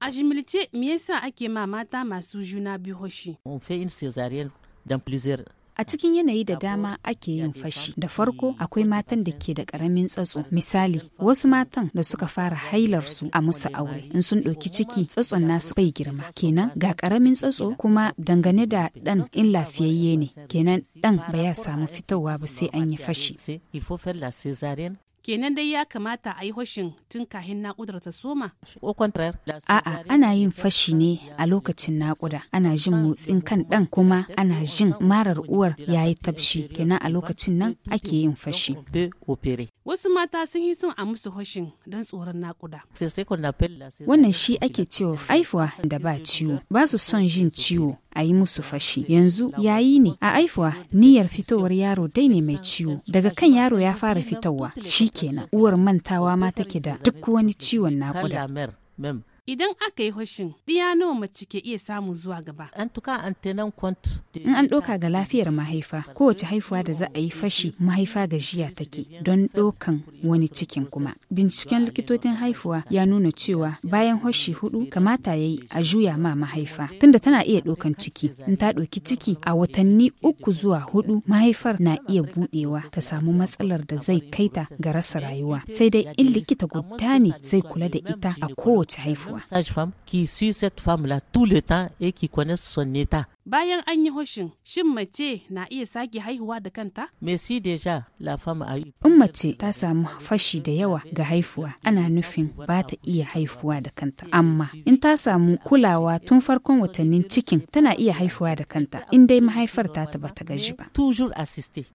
A jimilce me yasa ake ma mata masu juna biyu hoshi? A cikin yanayi da dama ake yin fashi. Da farko akwai matan da ke da karamin tsatso. Misali, wasu matan da suka fara hailarsu a musu aure. In sun ɗauki ciki, tsatson nasu bai girma. Kenan ga ƙaramin tsatso kuma dangane da ɗan in lafiyayye ne. Kenan ɗan ba ya samu fitowa ba sai an yi fashi. kenan dai ya kamata a yi hoshin tun kahin naƙudar ta soma? A'a, ana yin fashi ne a lokacin naƙuda, ana jin motsin kan ɗan kuma ana jin marar uwar ya yi kenan a lokacin nan ake yin fashi. Wasu mata sun yi son a musu hoshin don tsoron naƙuda. Wannan shi ake cewa haifuwa da ba ciwo, ba su son jin ciwo, a yi musu fashi yanzu yayi ne a aifuwa niyyar fitowar yaro dai ne mai ciwo daga kan yaro ya fara fitowa shi kenan. uwar mantawa ma take da duk wani ciwon naƙuda idan aka yi hoshin, ɗiya nawa mace ke iya samu zuwa gaba. An tuka In an ɗauka ga lafiyar mahaifa, kowace haifuwa da za a yi fashi mahaifa gajiya take don ɗaukan wani cikin kuma. Binciken likitocin haifuwa ya nuna cewa bayan hoshi hudu kamata ya yi a juya ma mahaifa. Tunda tana iya ɗaukan ciki, in ta ɗauki ciki a watanni uku zuwa hudu mahaifar na iya buɗewa ta samu matsalar da zai kaita ga rasa rayuwa. Sai dai in likita guda ne zai kula da ita a kowace haifuwa. sage-femme qui suit cette femme-là tout le temps et qui connaît son état. Bayan an yi hoshin, shin mace na iya sake haihuwa da kanta? Me si deja la femme a yi. In mace ta samu fashi da yawa ga haifuwa, ana nufin ba ta iya haifuwa da kanta. Amma in ta samu kulawa tun farkon watannin cikin tana iya haifuwa da kanta, in dai mahaifar ta ta bata gaji ba. Toujours assister.